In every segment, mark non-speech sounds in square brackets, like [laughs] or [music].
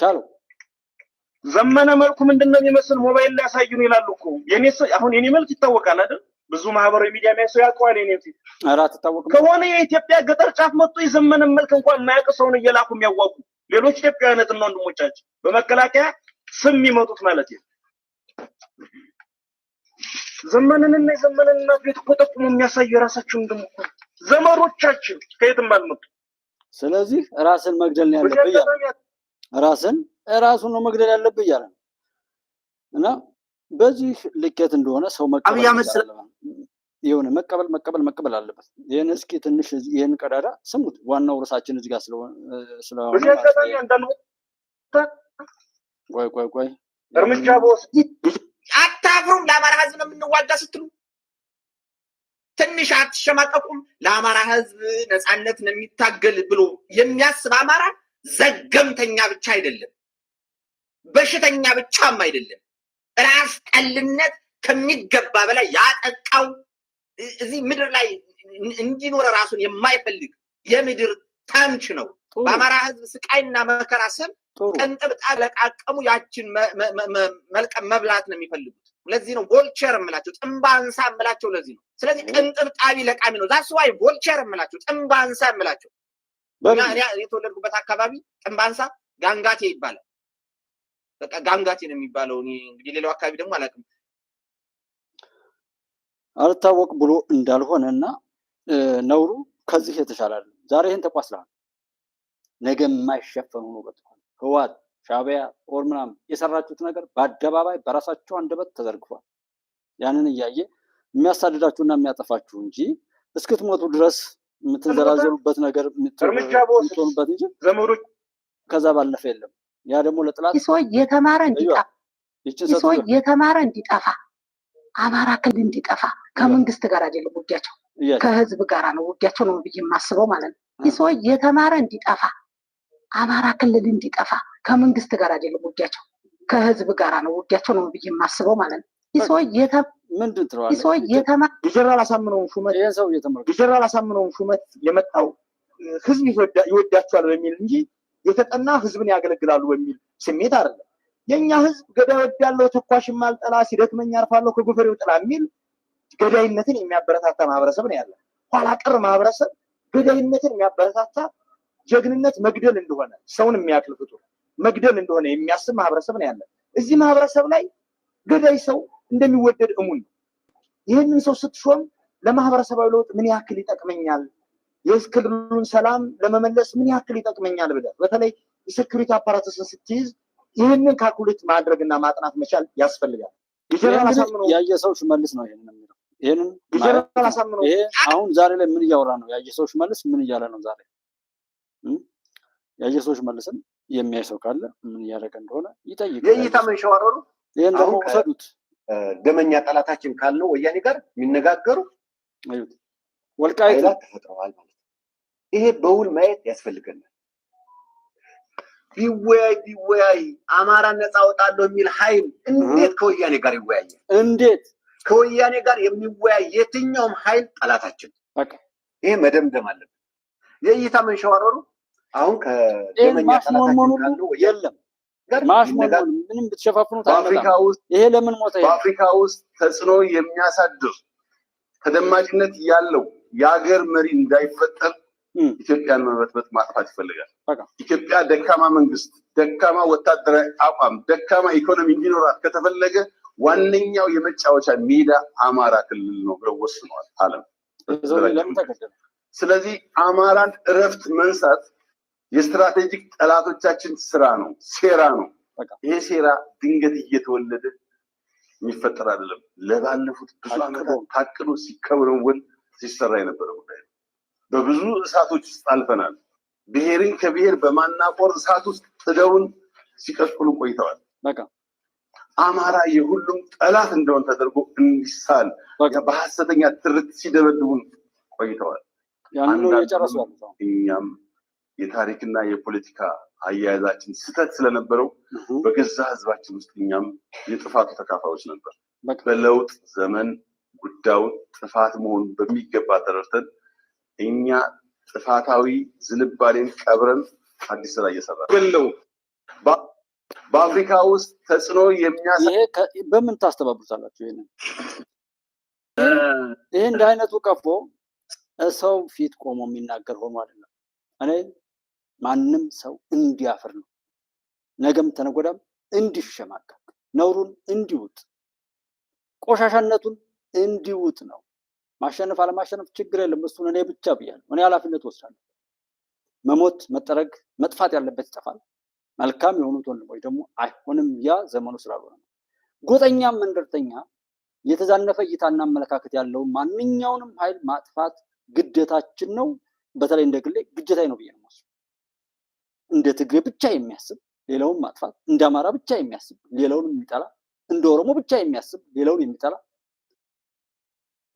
ቻሉ ዘመነ መልኩ ምንድን ነው የሚመስል ሞባይል ላይ ያሳዩን ይላሉ እኮ የኔ አሁን የኔ መልክ ይታወቃል አይደል? ብዙ ማህበራዊ ሚዲያ የሚያይ ሰው ያውቀዋል። የኔ ፊት ከሆነ የኢትዮጵያ ገጠር ጫፍ መጥቶ የዘመነ መልክ እንኳን የማያውቅ ሰውን እየላኩ የሚያዋጉ ሌሎች ኢትዮጵያውያን እና ወንድሞቻችን በመከላከያ ስም የሚመጡት ማለት ነው። ዘመንንና የዘመንን እናት ቤት እኮ ጠቁሞ የሚያሳዩ የራሳቸውን ደግሞ ዘመዶቻችን ከየትም አልመጡ። ስለዚህ ራስን መግደል ነው ያለብህ ራስን ራሱን ነው መግደል ያለብህ እያለ ነው። እና በዚህ ልኬት እንደሆነ ሰው የሆነ መቀበል መቀበል መቀበል አለበት። ይህን እስኪ ትንሽ ይህን ቀዳዳ ስሙት። ዋናው ርዕሳችን እዚህ ጋር ስለሆነ ቆይ ቆይ ቆይ እርምጃ አታፍሩም? ለአማራ ህዝብ ነው የምንዋጋ ስትሉ ትንሽ አትሸማቀቁም? ለአማራ ህዝብ ነፃነት ነው የሚታገል ብሎ የሚያስብ አማራ ዘገምተኛ ብቻ አይደለም፣ በሽተኛ ብቻም አይደለም። ራስ ጠልነት ከሚገባ በላይ ያጠቃው እዚህ ምድር ላይ እንዲኖረ ራሱን የማይፈልግ የምድር ተምች ነው። በአማራ ሕዝብ ስቃይና መከራ ስም ቀንጥብጣ ለቃቀሙ ያችን መልቀም መብላት ነው የሚፈልጉት። ለዚህ ነው ቮልቸር የምላቸው ጥምብ አንሳ የምላቸው ለዚህ ነው። ስለዚህ ቅንጥብጣቢ ለቃሚ ነው። ዛስዋይ ቮልቸር የምላቸው ጥምብ አንሳ የምላቸው የተወለድኩበት አካባቢ ጥንባንሳ ጋንጋቴ ይባላል። በቃ ጋንጋቴ ነው የሚባለው። እኔ እንግዲህ ሌላው አካባቢ ደግሞ አላውቅም። አልታወቅ ብሎ እንዳልሆነ እና ነውሩ ከዚህ የተሻለ ዛሬ ይህን ተቋስለሃል፣ ነገ የማይሸፈኑ ነው። በጥቷል። ህዋት ሻቢያ ጦር ምናምን የሰራችሁት ነገር በአደባባይ በራሳቸው አንደበት ተዘርግፏል። ያንን እያየ የሚያሳድዳችሁና የሚያጠፋችሁ እንጂ እስክትሞቱ ድረስ የምትዘራዘሩበት ነገር የምትሆኑበት እንጂ ከዛ ባለፈ የለም። ያ ደግሞ ለጥላት የተማረ እንዲጠፋ የተማረ እንዲጠፋ አማራ ክልል እንዲጠፋ ከመንግስት ጋር አይደለም ውጊያቸው፣ ከህዝብ ጋር ነው ውጊያቸው ነው ብዬ የማስበው ማለት ነው። ሰው የተማረ እንዲጠፋ አማራ ክልል እንዲጠፋ ከመንግስት ጋር አይደለም ውጊያቸው፣ ከህዝብ ጋር ነው ውጊያቸው ነው ብዬ የማስበው ማለት ነው። የጀነራል አሳምነውን ሹመት የመጣው ህዝብ ይወዳቸዋል በሚል እንጂ የተጠና ህዝብን ያገለግላሉ በሚል ስሜት አይደለም። የእኛ ህዝብ ገዳይ ወዳለው ተኳሽም አልጠላ ሲደክመኝ አርፋለሁ ከጎፈሬው ጥላ የሚል ገዳይነትን የሚያበረታታ ማህበረሰብ ነው ያለ። ኋላ ቀር ማህበረሰብ ገዳይነትን የሚያበረታታ ጀግንነት መግደል እንደሆነ ሰውን የሚያክል ፍጡር መግደል እንደሆነ የሚያስብ ማህበረሰብ ነው ያለ። እዚህ ማህበረሰብ ላይ ገዳይ ሰው እንደሚወደድ እሙን ነው። ይህንን ሰው ስትሾም ለማህበረሰባዊ ለውጥ ምን ያክል ይጠቅመኛል፣ የክልሉን ሰላም ለመመለስ ምን ያክል ይጠቅመኛል ብለህ በተለይ የሴኩሪቲ አፓራተስን ስትይዝ ይህንን ካልኩሌት ማድረግና ማጥናት መቻል ያስፈልጋል። ያየ ሰው ሽመልስ ነው ይህንን የሚለው ይህንን ይሄ አሁን ዛሬ ላይ ምን እያወራ ነው? ያየ ሰው ሽመልስ ምን እያለ ነው? ዛሬ ያየ ሰው ሽመልስን የሚያይ ሰው ካለ ምን እያደረገ እንደሆነ ይጠይቅ። ይህን ደግሞ ውሰዱት። ደመኛ ጠላታችን ካለው ወያኔ ጋር የሚነጋገሩ ወልቃይት ተፈጥረዋል ማለት ነው። ይሄ በውል ማየት ያስፈልገናል። ቢወያይ ቢወያይ አማራ ነፃ አወጣለሁ የሚል ኃይል እንዴት ከወያኔ ጋር ይወያያል? እንዴት ከወያኔ ጋር የሚወያይ የትኛውም ኃይል ጠላታችን። ይሄ መደምደም አለብን። የእይታ መንሸዋረሩ አሁን ከደመኛ ጠላታችን ካለው የለም ማሽሞን ምንም ብትሸፋፍኑት አፍሪካ ውስጥ ይሄ ለምን ሞተ? በአፍሪካ ውስጥ ተጽዕኖ የሚያሳድር ተደማጭነት ያለው የሀገር መሪ እንዳይፈጠር ኢትዮጵያን መበጥበጥ ማጥፋት ይፈልጋል። ኢትዮጵያ ደካማ መንግስት፣ ደካማ ወታደራዊ አቋም፣ ደካማ ኢኮኖሚ እንዲኖራት ከተፈለገ ዋነኛው የመጫወቻ ሜዳ አማራ ክልል ነው ብለው ወስነዋል ዓለም። ስለዚህ አማራን እረፍት መንሳት የስትራቴጂክ ጠላቶቻችን ስራ ነው፣ ሴራ ነው። ይሄ ሴራ ድንገት እየተወለደ የሚፈጠር አይደለም። ለባለፉት ብዙ ዓመታት ታቅዶ ሲከወን ሲሰራ የነበረ ጉዳይ ነው። በብዙ እሳቶች ውስጥ አልፈናል። ብሔርን ከብሔር በማናቆር እሳት ውስጥ ጥደውን ሲቀጥሉ ቆይተዋል። አማራ የሁሉም ጠላት እንደሆን ተደርጎ እንዲሳል በሐሰተኛ ትርክ ሲደበድቡን ቆይተዋል። እኛም የታሪክና የፖለቲካ አያያዛችን ስህተት ስለነበረው በገዛ ህዝባችን ውስጥ እኛም የጥፋቱ ተካፋዮች ነበር። በለውጥ ዘመን ጉዳዩን ጥፋት መሆኑን በሚገባ ተረድተን እኛ ጥፋታዊ ዝንባሌን ቀብረን አዲስ ስራ እየሰራ ነው። በአፍሪካ ውስጥ ተጽዕኖ የሚያሳ በምን ታስተባብሩታላችሁ? ይህ እንደ አይነቱ ቀፎ ሰው ፊት ቆሞ የሚናገር ሆኖ አይደለም እኔ ማንም ሰው እንዲያፍር ነው። ነገም ተነጎዳም እንዲሸማቀቅ፣ ነውሩን እንዲውጥ፣ ቆሻሻነቱን እንዲውጥ ነው። ማሸነፍ አለማሸነፍ ችግር የለም። እሱን እኔ ብቻ ብያለሁ። እኔ ኃላፊነት ወስዳለሁ። መሞት፣ መጠረግ፣ መጥፋት ያለበት ይጠፋል። መልካም የሆኑት ወንድሞች ደግሞ አይሆንም፣ ያ ዘመኑ ስላልሆነ ነው። ጎጠኛም መንደርተኛ የተዛነፈ እይታና አመለካከት ያለው ማንኛውንም ኃይል ማጥፋት ግዴታችን ነው። በተለይ እንደ ግሌ ነው ብዬ ነው እንደ ትግሬ ብቻ የሚያስብ ሌላውን ማጥፋት፣ እንደ አማራ ብቻ የሚያስብ ሌላውን የሚጠላ፣ እንደ ኦሮሞ ብቻ የሚያስብ ሌላውን የሚጠላ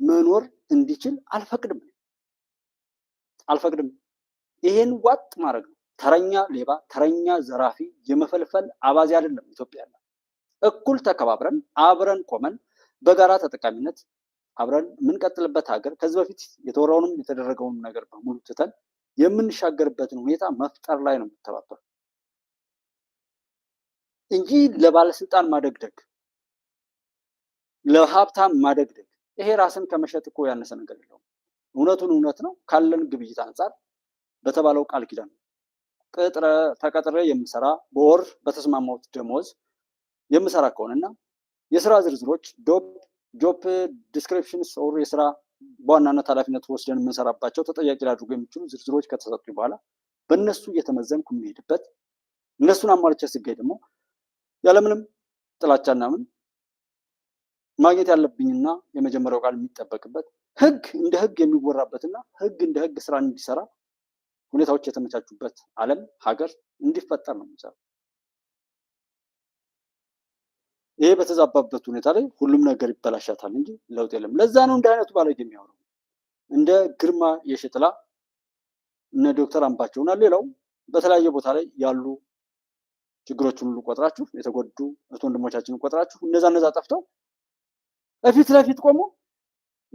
መኖር እንዲችል አልፈቅድም አልፈቅድም። ይሄን ዋጥ ማድረግ ነው። ተረኛ ሌባ፣ ተረኛ ዘራፊ የመፈልፈል አባዜ አይደለም ኢትዮጵያ ያለ እኩል ተከባብረን አብረን ቆመን በጋራ ተጠቃሚነት አብረን የምንቀጥልበት ሀገር ከዚህ በፊት የተወራውንም የተደረገውን ነገር በሙሉ ትተን የምንሻገርበትን ሁኔታ መፍጠር ላይ ነው የምተባበር እንጂ ለባለስልጣን ማደግደግ፣ ለሀብታም ማደግደግ ይሄ ራስን ከመሸጥ እኮ ያነሰ ነገር የለውም። እውነቱን እውነት ነው ካለን ግብይት አንጻር በተባለው ቃል ኪዳን ቅጥረ ተቀጥረ የምሰራ በወር በተስማማሁት ደሞዝ የምሰራ ከሆነና የስራ ዝርዝሮች ጆብ ዲስክሪፕሽንስ የስራ በዋናነት ኃላፊነት ወስደን የምንሰራባቸው ተጠያቂ ላድርጎ የሚችሉ ዝርዝሮች ከተሰጡ በኋላ በእነሱ እየተመዘንኩ የሚሄድበት እነሱን አሟልቼ ስገኝ ደግሞ ያለምንም ጥላቻና ምን ማግኘት ያለብኝና የመጀመሪያው ቃል የሚጠበቅበት ህግ እንደ ህግ የሚወራበትና ህግ እንደ ህግ ስራ እንዲሰራ ሁኔታዎች የተመቻቹበት ዓለም ሀገር እንዲፈጠር ነው የሚሰራው። ይሄ በተዛባበት ሁኔታ ላይ ሁሉም ነገር ይበላሻታል እንጂ ለውጥ የለም። ለዛ ነው እንደ አይነቱ ባለጌ የሚያወራው እንደ ግርማ የሸጥላ እነ ዶክተር አምባቸውና ሌላው በተለያየ ቦታ ላይ ያሉ ችግሮችን ሁሉ ቆጥራችሁ የተጎዱ እህት ወንድሞቻችንን ቆጥራችሁ እነዛ እነዛ ጠፍተው ፊት ለፊት ቆሞ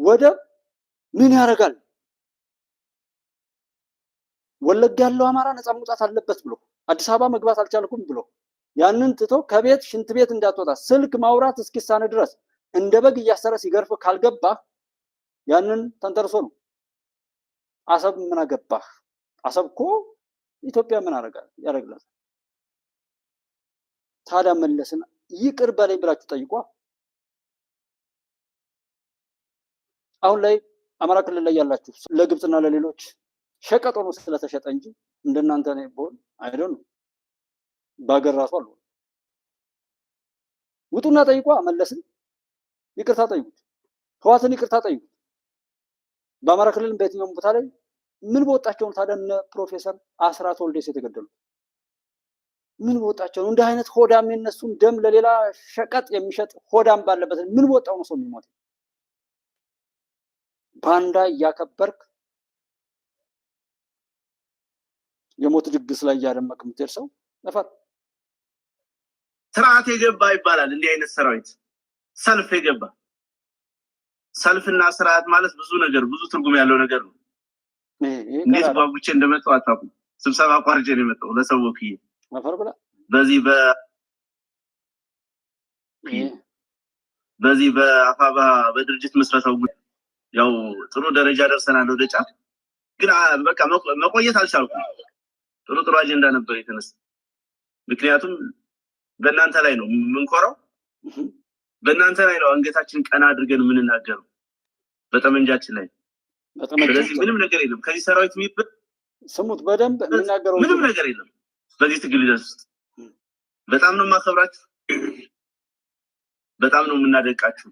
ወደ ምን ያደርጋል ወለጋ ያለው አማራ ነፃ መውጣት አለበት ብሎ አዲስ አበባ መግባት አልቻልኩም ብሎ ያንን ትቶ ከቤት ሽንት ቤት እንዳትወጣ ስልክ ማውራት እስኪሳን ድረስ እንደ በግ እያሰረ ሲገርፍ ካልገባህ ያንን ተንተርሶ ነው። አሰብ ምን አገባህ? አሰብ እኮ ኢትዮጵያ ምን ያደረግላት? ታዲያ መለስን ይቅር በላይ ብላችሁ ጠይቋ። አሁን ላይ አማራ ክልል ላይ ያላችሁ ለግብፅና ለሌሎች ሸቀጦ ነው ስለተሸጠ እንጂ እንደናንተ ነው አይደል ነው በሀገር ራሱ አለ። ውጡና ጠይቋ መለስን ይቅርታ ጠይቁት፣ ህዋትን ይቅርታ ጠይቁት። በአማራ ክልል በየትኛውም ቦታ ላይ ምን በወጣቸውን ታዲያ እነ ፕሮፌሰር አስራት ወልደስ የተገደሉት ምን በወጣቸው ነው? እንደ አይነት ሆዳም የነሱን ደም ለሌላ ሸቀጥ የሚሸጥ ሆዳም ባለበት ምን በወጣው ነው ሰው የሚሞት? ባንዳ እያከበርክ የሞት ድግስ ላይ እያደመቅ የምትሄድ ሰው ነፋት ስርዓት የገባ ይባላል። እንዲህ አይነት ሰራዊት ሰልፍ የገባ ሰልፍና ስርዓት ማለት ብዙ ነገር ብዙ ትርጉም ያለው ነገር ነው። እንዴት ጓጉቼ እንደመጣሁ አታውቁም። ስብሰባ አቋርጬ ነው የመጣሁ ለሰው በዚህ በ በዚህ በአፋባ በድርጅት መስረተው ያው ጥሩ ደረጃ ደርሰናል። ወደ ጫፍ ግን በቃ መቆየት አልቻልኩም። ጥሩ ጥሩ አጀንዳ ነበር የተነሳ ምክንያቱም በእናንተ ላይ ነው የምንኮራው በእናንተ ላይ ነው አንገታችን ቀና አድርገን የምንናገረው፣ በጠመንጃችን ላይ። ስለዚህ ምንም ነገር የለም ከዚህ ሰራዊት የሚብል ስሙት፣ በደንብ የምናገረው ምንም ነገር የለም በዚህ ትግል ሂደት ውስጥ። በጣም ነው የማከብራችሁ፣ በጣም ነው የምናደቃችሁ።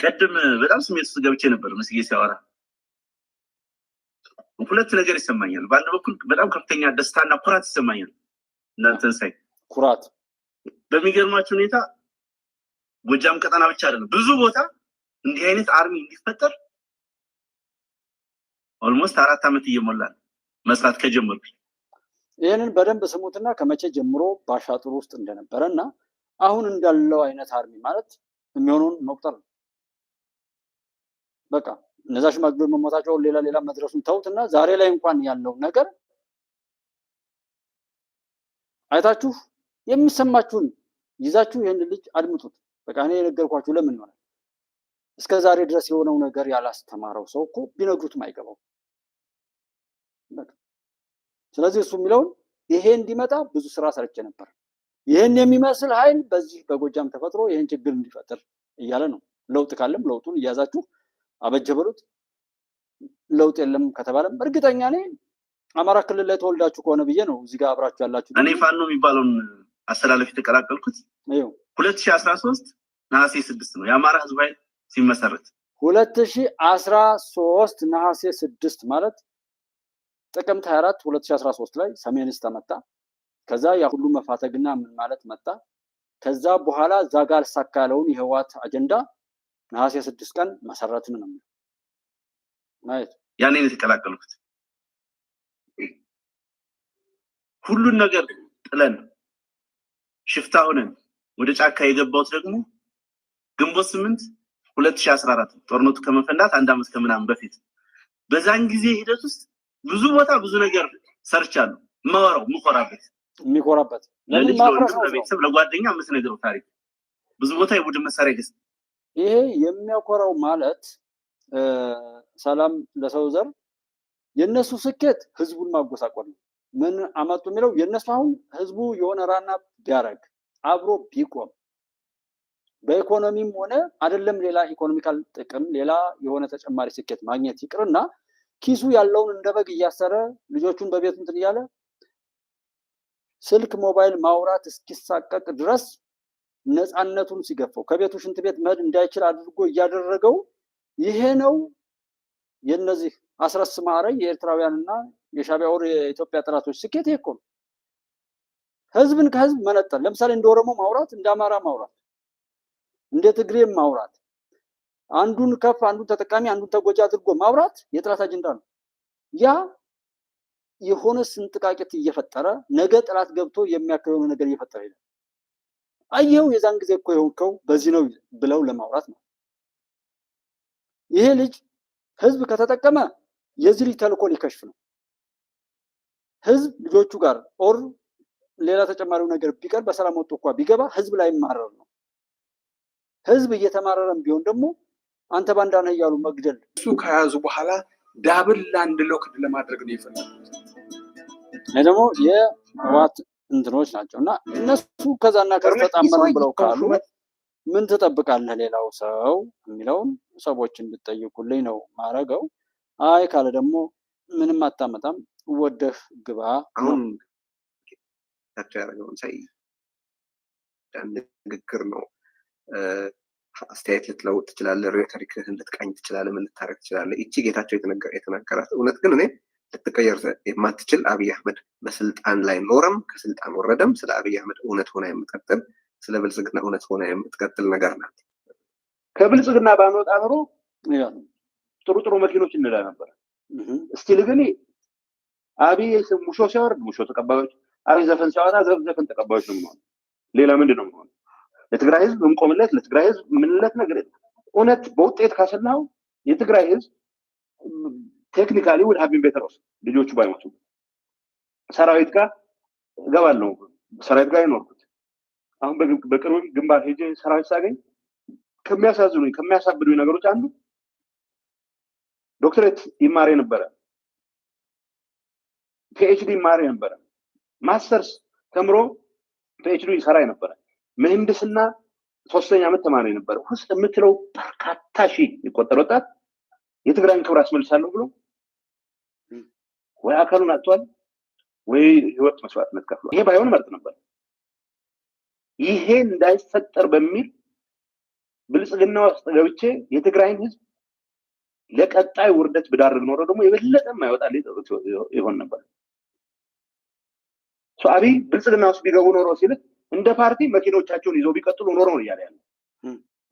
ቅድም በጣም ስሜት ውስጥ ገብቼ ነበር መስጌ ሲያወራ ሁለት ነገር ይሰማኛል። በአንድ በኩል በጣም ከፍተኛ ደስታና ኩራት ይሰማኛል። እናንተን ሳይ ኩራት በሚገርማቸው ሁኔታ ጎጃም ቀጠና ብቻ አይደለም፣ ብዙ ቦታ እንዲህ አይነት አርሚ እንዲፈጠር ኦልሞስት አራት ዓመት እየሞላል መስራት ከጀምሩ ይህንን በደንብ ስሙትና ከመቼ ጀምሮ በአሻጥር ውስጥ እንደነበረ እና አሁን እንዳለው አይነት አርሚ ማለት የሚሆነውን መቁጠር ነው በቃ እነዛ ሽማግሌዎች መሞታቸውን ሌላ ሌላ መድረሱን ተውት እና ዛሬ ላይ እንኳን ያለው ነገር አይታችሁ የሚሰማችሁን ይዛችሁ ይህን ልጅ አድምጡት። በቃ እኔ የነገርኳችሁ ለምን ይሆናል እስከ ዛሬ ድረስ የሆነው ነገር ያላስተማረው ሰው እኮ ቢነግሩትም አይገባው። ስለዚህ እሱ የሚለውን ይሄ እንዲመጣ ብዙ ስራ ሰርቼ ነበር። ይህን የሚመስል ኃይል በዚህ በጎጃም ተፈጥሮ ይህን ችግር እንዲፈጥር እያለ ነው። ለውጥ ካለም ለውጡን እያዛችሁ አበጀ በሉት ለውጥ የለም ከተባለም እርግጠኛ እኔ አማራ ክልል ላይ ተወልዳችሁ ከሆነ ብዬ ነው እዚህ ጋር አብራችሁ ያላችሁ። እኔ ፋኖ የሚባለውን አስተላለፍ የተቀላቀልኩት ሁለት ሺ አስራ ሶስት ነሐሴ ስድስት ነው የአማራ ህዝብ ኃይል ሲመሰረት ሁለት ሺ አስራ ሶስት ነሐሴ ስድስት ማለት ጥቅምት አስራ ሶስት ላይ ስተ መጣ። ከዛ ያ ሁሉ መፋተግና ምን ማለት መጣ። ከዛ በኋላ ዛጋ አልሳካ ያለውን የህወሓት አጀንዳ ነሐሴ ስድስት ቀን መሰረትን ነው ማለት ያኔ ነው የተቀላቀልኩት። ሁሉን ነገር ጥለን ሽፍታ ሆነን ወደ ጫካ የገባሁት ደግሞ ግንቦት ስምንት ሁለት ሺህ አስራ አራት ጦርነቱ ከመፈንዳት አንድ አመት ከምናምን በፊት በዛን ጊዜ ሂደት ውስጥ ብዙ ቦታ ብዙ ነገር ሰርቻለሁ። የማወራው የምኮራበት የሚኮራበት ለቤተሰብ ለጓደኛ ነገሩ ታሪክ ብዙ ቦታ የቡድን መሳሪያ ገዝተው ይሄ የሚያኮራው ማለት ሰላም ለሰው ዘር የእነሱ ስኬት ህዝቡን ማጎሳቆል ነው። ምን አመጡ የሚለው የእነሱ አሁን ህዝቡ የሆነ ራና ቢያረግ አብሮ ቢቆም በኢኮኖሚም ሆነ አይደለም ሌላ ኢኮኖሚካል ጥቅም ሌላ የሆነ ተጨማሪ ስኬት ማግኘት ይቅርና ኪሱ ያለውን እንደ በግ እያሰረ ልጆቹን በቤት እንትን እያለ ስልክ ሞባይል ማውራት እስኪሳቀቅ ድረስ ነፃነቱን ሲገፈው ከቤቱ ሽንት ቤት መድ እንዳይችል አድርጎ እያደረገው ይሄ ነው የነዚህ አስረስ ማረ የኤርትራውያንና የሻቢያ ወር የኢትዮጵያ ጥራቶች ስኬት ይሄ እኮ ነው። ህዝብን ከህዝብ መነጠል፣ ለምሳሌ እንደ ኦሮሞ ማውራት፣ እንደ አማራ ማውራት፣ እንደ ትግሬም ማውራት፣ አንዱን ከፍ አንዱን ተጠቃሚ አንዱን ተጎጂ አድርጎ ማውራት የጥላት አጀንዳ ነው። ያ የሆነ ስንጥቃቄት እየፈጠረ ነገ ጥላት ገብቶ የሚያከብረው ነገር እየፈጠረ ይላል። አየው የዛን ጊዜ እኮ የሆንከው በዚህ ነው ብለው ለማውራት ነው። ይሄ ልጅ ህዝብ ከተጠቀመ የዚህ ልጅ ተልእኮ ሊከሽፍ ነው። ህዝብ ልጆቹ ጋር ኦር ሌላ ተጨማሪው ነገር ቢቀር በሰላም ወጥቶ እኳ ቢገባ ህዝብ ላይ ማረር ነው። ህዝብ እየተማረረም ቢሆን ደግሞ አንተ ባንዳ ነህ እያሉ መግደል እሱ ከያዙ በኋላ ዳብል ለአንድ ሎክድ ለማድረግ ነው የፈለጉት። ደግሞ የህወሓት እንትኖች ናቸው እና እነሱ ከዛና ከተጣመሩ ብለው ካሉ ምን ትጠብቃለህ ሌላው ሰው የሚለውን ሰዎች እንድጠይቁልኝ ነው ማረገው። አይ ካለ ደግሞ ምንም አታመጣም ወደህ ግባ። አሁን ያደረገውን ሳይ ንግግር ነው። አስተያየት ልትለውጥ ትችላለህ፣ ሬቶሪክህን ልትቃኝ ትችላለህ፣ ምን ልታደርግ ትችላለህ። ይቺ ጌታቸው የተናገራት እውነት ግን እኔ ልትቀየር የማትችል አብይ አህመድ በስልጣን ላይ ኖረም ከስልጣን ወረደም ስለ አብይ አህመድ እውነት ሆና የምትቀጥል ስለ ብልጽግና እውነት ሆና የምትቀጥል ነገር ናት። ከብልጽግና ባንወጣ ኖሮ ጥሩ ጥሩ መኪኖች እንላ ነበር። እስቲል ግን አብይ ሙሾ ሲያወርድ ሙሾ ተቀባዮች፣ አብይ ዘፈን ሲያወጣ ዘፈን ተቀባዮች ነው የሚሆነው። ሌላ ምንድን ነው የሚሆነው? ለትግራይ ህዝብ እንቆምለት፣ ለትግራይ ህዝብ ምንለት ነገር እውነት በውጤት ካሰናው የትግራይ ህዝብ ቴክኒካሊ ውድ ሀቢን ቤተር ውስጥ ልጆቹ ባይሞቱ ሰራዊት ጋር እገባለሁ። ሰራዊት ጋር ይኖርኩት አሁን በቅርብ ግንባር ሄጄ ሰራዊት ሳገኝ ከሚያሳዝኑ ከሚያሳብዱ ነገሮች አንዱ ዶክትሬት ይማሬ ነበረ ፒኤችዲ ይማሬ ነበረ ማስተርስ ተምሮ ፒኤችዲ ይሰራ ነበረ ምህንድስና ሶስተኛ ዓመት ተማሪ ነበረ ውስጥ የምትለው በርካታ ሺህ ይቆጠር ወጣት የትግራይን ክብር አስመልሳለሁ ብሎ ወይ አካሉን አጥቷል፣ ወይ ህይወት መስዋዕትነት ከፍሏል። ይሄ ባይሆን መርጥ ነበር። ይሄ እንዳይፈጠር በሚል ብልጽግና ውስጥ ገብቼ የትግራይን ህዝብ ለቀጣይ ውርደት ብዳርግ ኖሮ ደግሞ የበለጠ የማይወጣ ይሆን ነበር። አብይ ብልጽግና ውስጥ ቢገቡ ኖሮ ሲልት እንደ ፓርቲ መኪኖቻቸውን ይዘው ቢቀጥሉ ኖሮ ነው እያለ ያለ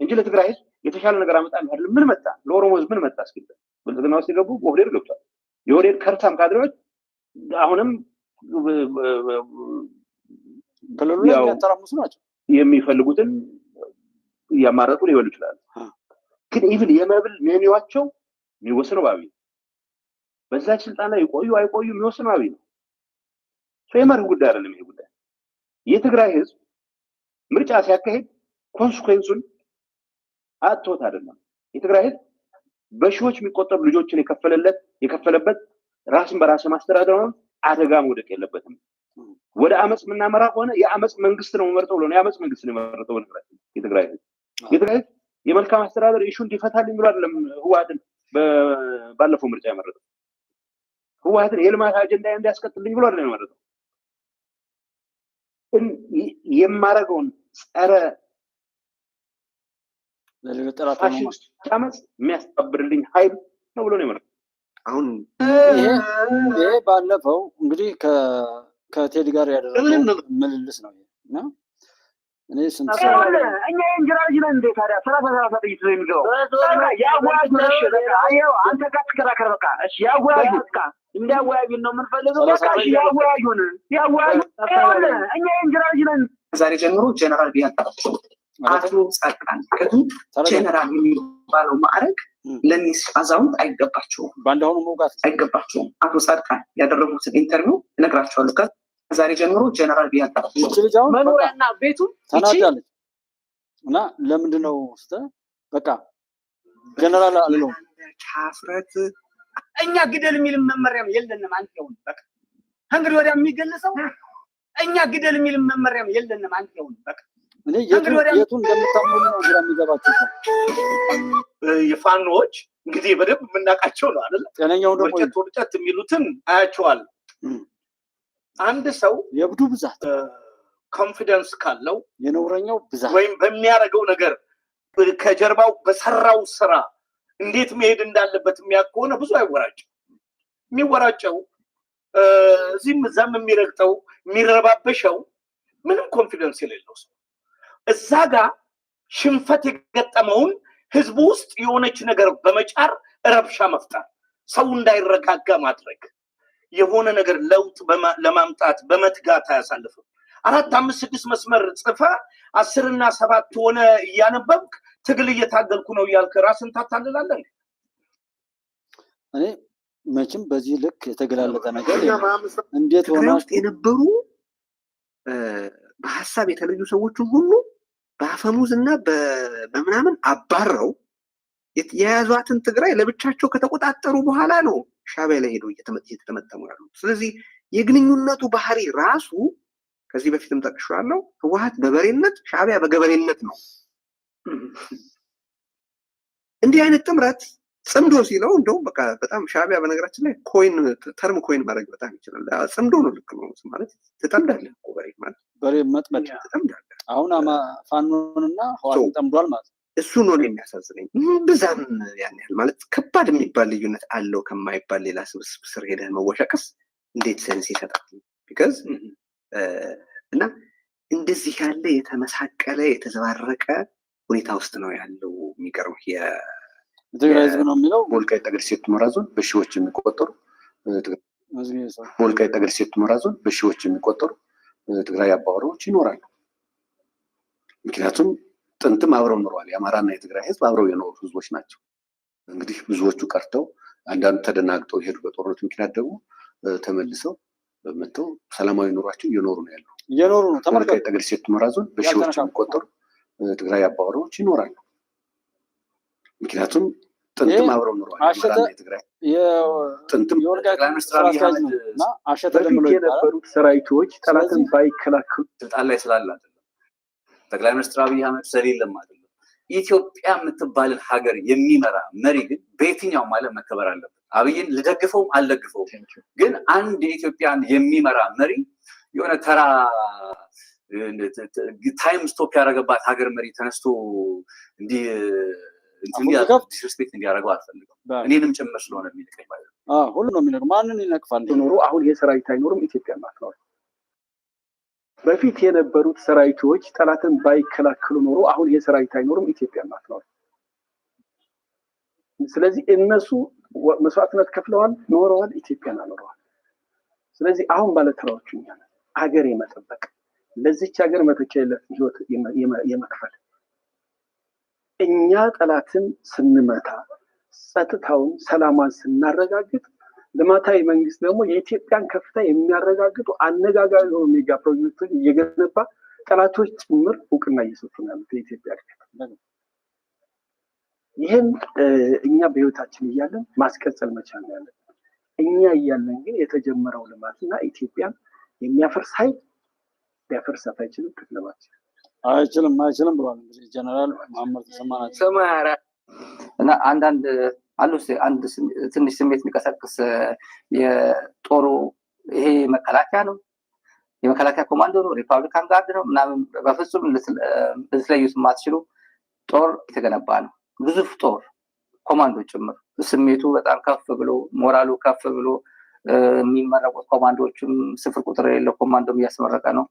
እንጂ ለትግራይ ህዝብ የተሻለ ነገር አመጣ ምን መጣ፣ ለኦሮሞ ህዝብ ምን መጣ እስኪ ብልጽግና ውስጥ ሲገቡ ኦህዴድ ገብቷል። የወሬድ ከርታም ካድሬዎች አሁንም ክልሉ የሚያተራምሱ ናቸው። የሚፈልጉትን እያማረጡ ሊበሉ ይችላሉ። ግን ኢቭን የመብል ሜኒዋቸው የሚወስነው ባቢ ነው። በዛች ስልጣን ላይ ይቆዩ አይቆዩ የሚወስነው ባቢ ነው። የመርህ ጉዳይ አይደለም ይሄ ጉዳይ። የትግራይ ህዝብ ምርጫ ሲያካሄድ ኮንስኮንሱን አጥቶት አይደለም። የትግራይ ህዝብ በሺዎች የሚቆጠሩ ልጆችን የከፈለለት የከፈለበት ራስን በራስ ማስተዳደር አደጋ መውደቅ የለበትም። ወደ አመፅ የምናመራ ከሆነ የአመፅ መንግስት ነው መርጠው ብሎ የአመፅ መንግስት ነው የመረጠው የትግራይ ህዝብ የትግራይ ህዝብ የመልካም አስተዳደር እሹ እንዲፈታል ብሎ አይደለም ህወሓትን ባለፈው ምርጫ የመረጠው ህወሓትን የልማት አጀንዳ እንዲያስቀጥልኝ ብሎ አይደለም የመረጠው የማረገውን ጸረ ዓመት የሚያስጠብርልኝ ሀይል ነው ብሎ ነው ይመራል። አሁን ይሄ ባለፈው እንግዲህ ከቴዲ ጋር ያደረገው ምልልስ ነው እና እኔ እኛ የእንጀራ ልጅ ነን እንዴ ታዲያ? ሰላሳ ሰላሳ ጥይት ነው የሚገባው። አንተ ጋር ትከራከር። በቃ ያወያዩ በቃ ነው የምንፈልገው። በቃ ያወያዩን ያወያዩ እኛ የእንጀራ ልጅ ነን። ዛሬ ጀምሮ ጀነራል ቢያጣ አቶ ጻድቃን ምክንያቱም ጀነራል የሚባለው ማዕረግ ለኒስ አዛውንት አይገባቸውም፣ ባንዳሁኑ መውጋት አይገባቸውም። አቶ ጻድቃን ያደረጉትን ኢንተርቪው እነግራቸዋለሁ። ከዛሬ ጀምሮ ጀነራል ቢያጣ መኖሪያና ቤቱ ተናዳለች እና ለምንድን ነው ስተ በቃ ጀነራል አልለው ሀፍረት እኛ ግደል የሚልም መመሪያም የለንም። አንተውን በቃ ከእንግዲህ ወዲያ የሚገልጸው እኛ ግደል የሚልም መመሪያም የለንም። አንተውን በቃ እኔ የቱን እንደምታምኑ ነው ግራ እንግዲህ በደንብ የምናውቃቸው ነው አይደለ? ጤነኛው ደግሞ የሚሉትን አያቸዋል። አንድ ሰው የብዱ ብዛት ኮንፊደንስ ካለው የነውረኛው ብዛት ወይም በሚያደርገው ነገር ከጀርባው በሰራው ስራ እንዴት መሄድ እንዳለበት የሚያውቅ ከሆነ ብዙ አይወራጭም። የሚወራጨው እዚህም እዛም የሚረግጠው የሚረባበሸው ምንም ኮንፊደንስ የሌለው ሰው እዛ ጋር ሽንፈት የገጠመውን ህዝቡ ውስጥ የሆነች ነገር በመጫር ረብሻ መፍጠር፣ ሰው እንዳይረጋጋ ማድረግ፣ የሆነ ነገር ለውጥ ለማምጣት በመትጋት አያሳልፍም። አራት አምስት ስድስት መስመር ጽፈ አስርና ሰባት ሆነ እያነበብክ ትግል እየታገልኩ ነው እያልክ ራስን ታታልላለህ። እኔ መቼም በዚህ ልክ የተገላለጠ ነገር እንዴት ሆነ የነበሩ በሀሳብ የተለዩ ሰዎችን ሁሉ በአፈሙዝ እና በምናምን አባረው የያዟትን ትግራይ ለብቻቸው ከተቆጣጠሩ በኋላ ነው ሻቢያ ላይ ሄደው እየተመተሙ ያሉት። ስለዚህ የግንኙነቱ ባህሪ ራሱ ከዚህ በፊትም ጠቅሼዋለሁ። ህወሓት በበሬነት ሻቢያ በገበሬነት ነው። [laughs] እንዲህ አይነት ጥምረት ጽምዶ ሲለው እንደውም በቃ በጣም ሻቢያ በነገራችን ላይ ኮይን ተርም ኮይን ማድረግ በጣም ይችላል። ጽምዶ ነው። ልክ ነው ማለት ትጠምዳለህ፣ በሬ ማለት በሬ መጥመድ ትጠምዳለህ አሁን ፋኖንና ህዋትን ጠምዷል ማለት ነው። እሱ ነው የሚያሳዝነኝ። ብዛም ያን ያህል ማለት ከባድ የሚባል ልዩነት አለው ከማይባል ሌላ ስብስብ ስር ሄደህ መወሻቀስ እንዴት ሰንስ ይሰጣል? ቢካዝ እና እንደዚህ ያለ የተመሳቀለ የተዘባረቀ ሁኔታ ውስጥ ነው ያለው። የሚገርም የትግራይ ህዝብ ነው የሚለው ወልቃይት ጠገዴ ሰቲት ሁመራ ዞን በሺዎች የሚቆጠሩ ወልቃይት ጠገዴ ሰቲት ሁመራ ዞን በሺዎች የሚቆጠሩ ትግራይ አባወራዎች ይኖራሉ። ምክንያቱም ጥንትም አብረው ኖረዋል። የአማራና የትግራይ ህዝብ አብረው የኖሩ ህዝቦች ናቸው። እንግዲህ ብዙዎቹ ቀርተው አንዳንዱ ተደናግጠው ሄዱ። በጦርነቱ ምክንያት ደግሞ ተመልሰው መጥተው ሰላማዊ ኑሯቸው እየኖሩ ነው ያለው እየኖሩ ነው። ተመልከቱ ጠገዴ ሰቲት ሁመራ ዞን በሺዎች የሚቆጠሩ ትግራይ አባወራዎች ይኖራሉ። ምክንያቱም ጥንትም አብረው ኖረዋል። ጥንትም አሸተ የነበሩት ሰራዊቶች ጠላትን ባይከላከሉ ስልጣን ላይ ስላላት ጠቅላይ ሚኒስትር አብይ አህመድ ሰሌለም አይደለም። ኢትዮጵያ የምትባልን ሀገር የሚመራ መሪ ግን በየትኛውም ዓለም መከበር አለበት። አብይን ልደግፈውም አልደግፈውም፣ ግን አንድ የኢትዮጵያን የሚመራ መሪ የሆነ ተራ ታይም ስቶፕ ያደረገባት ሀገር መሪ ተነስቶ እንዲህ ዲስፔክት እንዲያደርገው እኔንም ጭምር ስለሆነ የሚልቀኝ ማለት ነው። ሁሉ ነው የሚኖር ማንን ይነቅፋል ኖሮ አሁን ይሄ ሰራዊት አይኖርም ኢትዮጵያ ማትኖር በፊት የነበሩት ሰራዊቶች ጠላትን ባይከላከሉ ኖሮ አሁን ይሄ ሰራዊት አይኖርም፣ ኢትዮጵያ አትኖርም። ስለዚህ እነሱ መስዋዕትነት ከፍለዋል፣ ኖረዋል፣ ኢትዮጵያን አኖረዋል። ስለዚህ አሁን ባለተራዎቹ እኛ ነን። የመጠበቅ ለዚች ሀገር መተቻ የለ ህይወት የመክፈል እኛ ጠላትን ስንመታ ጸጥታውን ሰላሟን ስናረጋግጥ ልማታዊ መንግስት ደግሞ የኢትዮጵያን ከፍታ የሚያረጋግጡ አነጋጋሪ የሆኑ ሜጋ ፕሮጀክቶች እየገነባ ጠላቶች ጭምር እውቅና እየሰጡ ነው ያሉት የኢትዮጵያ ይህን እኛ በህይወታችን እያለን ማስቀጸል መቻል ያለን እኛ እያለን ግን የተጀመረው ልማትና ኢትዮጵያን የሚያፈርስ ሀይል ሊያፈርሳት አይችልም። ክፍለማችን አይችልም አይችልም ብሏል እንግዲህ ጀነራል ማመር ተሰማ ናቸው እና አንዳንድ አሉ አንድ ትንሽ ስሜት የሚቀሰቅስ የጦሩ ይሄ መከላከያ ነው፣ የመከላከያ ኮማንዶ ነው፣ ሪፐብሊካን ጋርድ ነው ምናምን በፍጹም ልትለዩት ማትችሉ ጦር የተገነባ ነው። ግዙፍ ጦር ኮማንዶ ጭምር ስሜቱ በጣም ከፍ ብሎ ሞራሉ ከፍ ብሎ የሚመረቁት ኮማንዶዎችም ስፍር ቁጥር የሌለው ኮማንዶ እያስመረቀ ነው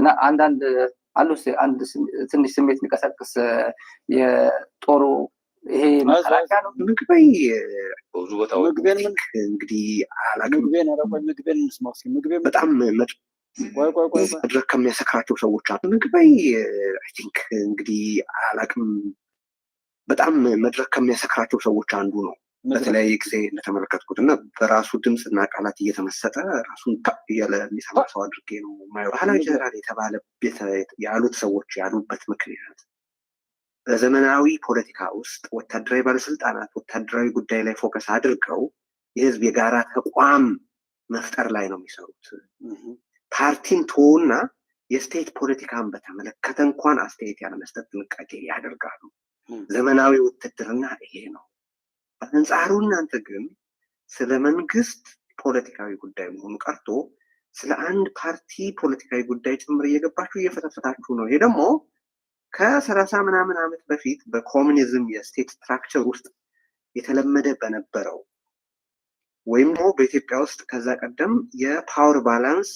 እና አንዳንድ አሉ አንድ ትንሽ ስሜት የሚቀሰቅስ የጦሩ ምግብ መድረክ ከሚያሰክራቸው ሰዎች አሉ። አይ ቲንክ እንግዲህ በጣም መድረክ ከሚያሰክራቸው ሰዎች አንዱ ነው። በተለያየ ጊዜ እንደተመለከትኩት እና በራሱ ድምፅ እና ቃላት እየተመሰጠ ራሱን እያለ የሚሰማ ሰው አድርጌ ነው ማየ ባህላዊ ጀነራል የተባለ ያሉት ሰዎች ያሉበት ምክንያት በዘመናዊ ፖለቲካ ውስጥ ወታደራዊ ባለስልጣናት ወታደራዊ ጉዳይ ላይ ፎከስ አድርገው የህዝብ የጋራ ተቋም መፍጠር ላይ ነው የሚሰሩት። ፓርቲን ቶና የስቴት ፖለቲካን በተመለከተ እንኳን አስተያየት ያለመስጠት ጥንቃቄ ያደርጋሉ። ዘመናዊ ውትድርና ይሄ ነው። በአንጻሩ እናንተ ግን ስለ መንግስት ፖለቲካዊ ጉዳይ መሆኑ ቀርቶ ስለ አንድ ፓርቲ ፖለቲካዊ ጉዳይ ጭምር እየገባችሁ እየፈተፈታችሁ ነው። ይሄ ደግሞ ከሰላሳ ምናምን ዓመት በፊት በኮሚኒዝም የስቴት ስትራክቸር ውስጥ የተለመደ በነበረው ወይም ደግሞ በኢትዮጵያ ውስጥ ከዛ ቀደም የፓወር ባላንስ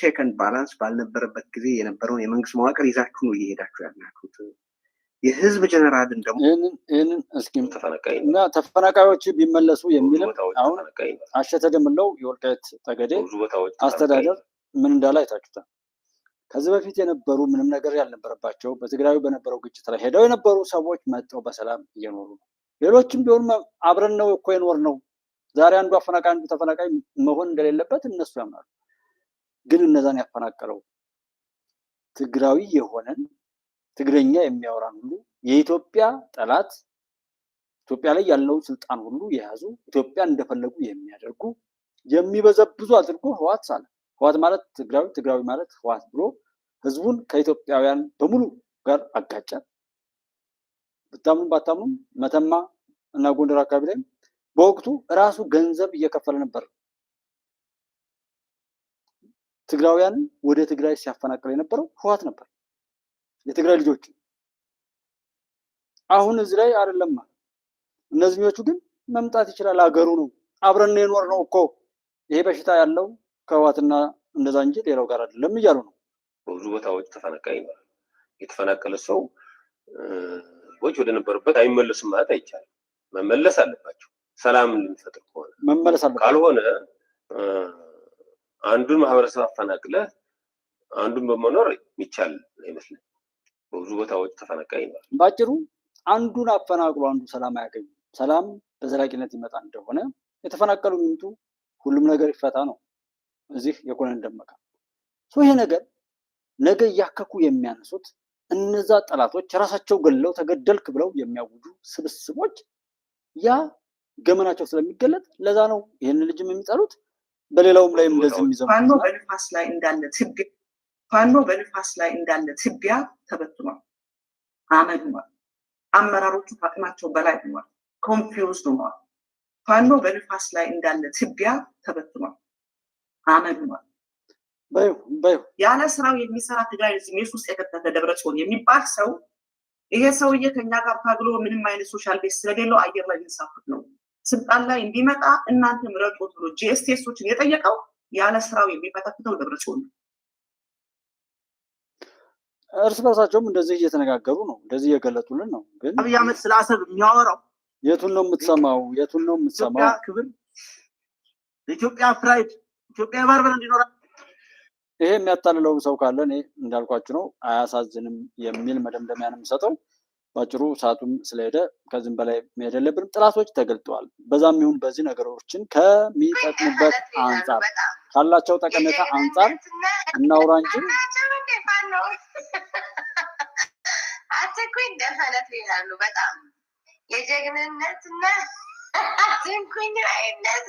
ቼክን ባላንስ ባልነበረበት ጊዜ የነበረውን የመንግስት መዋቅር ይዛችሁ ነው እየሄዳችሁ ያላችሁት። የህዝብ ጀነራልን ደግሞ ይህንን እስኪም እና ተፈናቃዮቹ ቢመለሱ የሚልም አሁን አሸተ ደምለው የወልቃይት ጠገዴ አስተዳደር ምን እንዳለ አይታችሁታል። ከዚህ በፊት የነበሩ ምንም ነገር ያልነበረባቸው በትግራዩ በነበረው ግጭት ላይ ሄደው የነበሩ ሰዎች መጥተው በሰላም እየኖሩ ነው። ሌሎችም ቢሆን አብረን ነው እኮ የኖር ነው። ዛሬ አንዱ አፈናቃይ አንዱ ተፈናቃይ መሆን እንደሌለበት እነሱ ያምናሉ። ግን እነዛን ያፈናቀለው ትግራዊ የሆነን ትግረኛ የሚያወራን ሁሉ የኢትዮጵያ ጠላት፣ ኢትዮጵያ ላይ ያለውን ስልጣን ሁሉ የያዙ ኢትዮጵያ እንደፈለጉ የሚያደርጉ የሚበዘብዙ አድርጎ ህዋት ሳለ ህዋት ማለት ትግራዊ ትግራዊ ማለት ህዋት ብሎ ህዝቡን ከኢትዮጵያውያን በሙሉ ጋር አጋጨ። ብታምኑ ባታምኑም መተማ እና ጎንደር አካባቢ ላይ በወቅቱ ራሱ ገንዘብ እየከፈለ ነበር ትግራውያን ወደ ትግራይ ሲያፈናቅል የነበረው ህወሓት ነበር፣ የትግራይ ልጆች። አሁን እዚህ ላይ አይደለም። እነዚህኞቹ ግን መምጣት ይችላል፣ አገሩ ነው፣ አብረን የኖር ነው እኮ ይሄ በሽታ ያለው ከህወሓትና እንደዛ እንጂ ሌላው ጋር አይደለም እያሉ ነው። በብዙ ቦታዎች ተፈናቃይ ይኖራል። የተፈናቀለ ሰው ህዝቦች ወደ ነበሩበት አይመለሱም ማለት አይቻልም። መመለስ አለባቸው። ሰላም ልንፈጥር ከሆነ መመለስ አለባቸው። ካልሆነ አንዱን ማህበረሰብ አፈናቅለህ አንዱን በመኖር የሚቻል አይመስልም። በብዙ ቦታዎች ተፈናቃይ ይኖራል። ባጭሩ አንዱን አፈናቅሎ አንዱ ሰላም አያገኝም። ሰላም በዘላቂነት ይመጣ እንደሆነ የተፈናቀሉ ይምጡ፣ ሁሉም ነገር ይፈታ ነው። እዚህ የኮነን ደመቀ ይሄ ነገር ነገ እያከኩ የሚያነሱት እነዛ ጠላቶች ራሳቸው ገለው ተገደልክ ብለው የሚያውጁ ስብስቦች ያ ገመናቸው ስለሚገለጥ ለዛ ነው ይህንን ልጅም የሚጠሉት። በሌላውም ላይም እንደዚህ የሚዘ ፋኖ በንፋስ ላይ እንዳለ ትቢያ ፋኖ በንፋስ ላይ እንዳለ ትቢያ ተበትኗል፣ አመድኗል። አመራሮቹ ከአቅማቸው በላይ ሆኗል፣ ኮንፊውዝድ ሆኗል። ፋኖ በንፋስ ላይ እንዳለ ትቢያ ተበትኗል፣ አመድኗል። ያለ ስራው የሚሰራ ትግራይ ሜስ ውስጥ የከተተ ደብረ ጽዮን የሚባል ሰው ይሄ ሰውዬ ከኛ ጋር ታግሎ ምንም አይነት ሶሻል ቤት ስለሌለው አየር ላይ የሚንሳፍፍ ነው። ስልጣን ላይ እንዲመጣ እናንተ ምረጡት ብሎ ጂኤስቲሶችን የጠየቀው ያለ ስራው የሚፈተፍተው ደብረ ጽዮን ነው። እርስ በርሳቸውም እንደዚህ እየተነጋገሩ ነው፣ እንደዚህ እየገለጡልን ነው። ግን አብይ አህመድ ስለ አሰብ የሚያወራው የቱን ነው የምትሰማው? የቱን ነው የምትሰማው? ክብር ኢትዮጵያ፣ ፕራይድ ኢትዮጵያ፣ ባርበር እንዲኖራ ይሄ የሚያታልለውም ሰው ካለ እኔ እንዳልኳችሁ ነው አያሳዝንም የሚል መደምደሚያ ነው የምሰጠው። ባጭሩ ሰዓቱም ስለሄደ ከዚህም በላይ መሄድ የለብንም። ጥላቶች ተገልጠዋል። በዛም ይሁን በዚህ ነገሮችን ከሚጠቅሙበት አንጻር ካላቸው ጠቀሜታ አንጻር እናውራ እንጂ የጀግንነትና አትኩኝ አይነት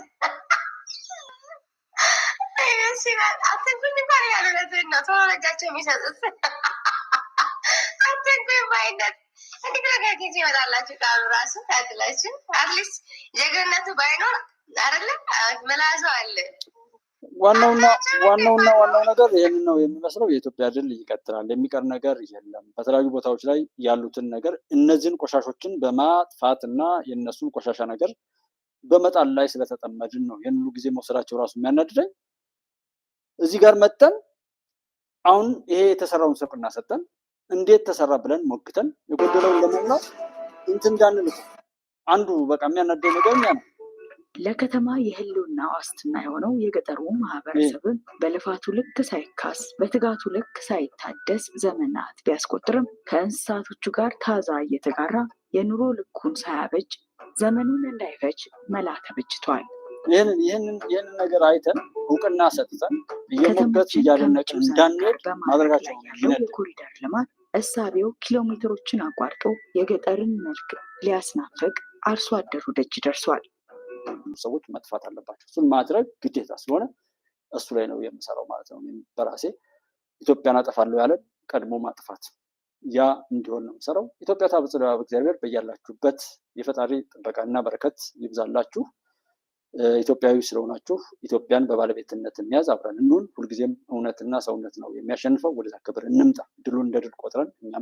ዋናውና ዋናውና ዋናው ነገር ይህን ነው የሚመስለው። የኢትዮጵያ ድል ይቀጥላል፣ የሚቀር ነገር የለም። በተለያዩ ቦታዎች ላይ ያሉትን ነገር እነዚህን ቆሻሾችን በማጥፋት እና የእነሱን ቆሻሻ ነገር በመጣል ላይ ስለተጠመድን ነው ይህን ሁሉ ጊዜ መውሰዳቸው ራሱ የሚያናድደኝ። እዚህ ጋር መጥተን አሁን ይሄ የተሰራውን ስብዕና ሰጠን፣ እንዴት ተሰራ ብለን ሞግተን የጎደለውን ለመሙላት እንትን አንዱ በቃ የሚያናደው ነገር ነው። ለከተማ የህልውና ዋስትና የሆነው የገጠሩ ማህበረሰብ በልፋቱ ልክ ሳይካስ በትጋቱ ልክ ሳይታደስ ዘመናት ቢያስቆጥርም ከእንስሳቶቹ ጋር ታዛ እየተጋራ የኑሮ ልኩን ሳያበጅ ዘመኑን እንዳይፈጅ መላ ተበጅቷል። ይህንን ነገር አይተን እውቅና ሰጥተን እየሞገት እያደነቅን እንዳንሄድ ማድረጋቸው ልማት እሳቤው ኪሎሜትሮችን አቋርጦ የገጠርን መልክ ሊያስናፍቅ አርሶ አደሩ ደጅ ደርሷል። ሰዎች መጥፋት አለባቸው። እሱን ማድረግ ግዴታ ስለሆነ እሱ ላይ ነው የምሰራው ማለት ነው። በራሴ ኢትዮጵያን አጠፋለሁ ያለ ቀድሞ ማጥፋት ያ እንዲሆን ነው የምሰራው። ኢትዮጵያ ለባብ እግዚአብሔር በያላችሁበት የፈጣሪ ጥበቃና በረከት ይብዛላችሁ። ኢትዮጵያዊ ስለሆናችሁ ኢትዮጵያን በባለቤትነት የሚያዝ አብረን እንሁን። ሁልጊዜም እውነትና ሰውነት ነው የሚያሸንፈው። ወደዛ ክብር እንምጣ። ድሉን እንደ ድል ቆጥረን እኛም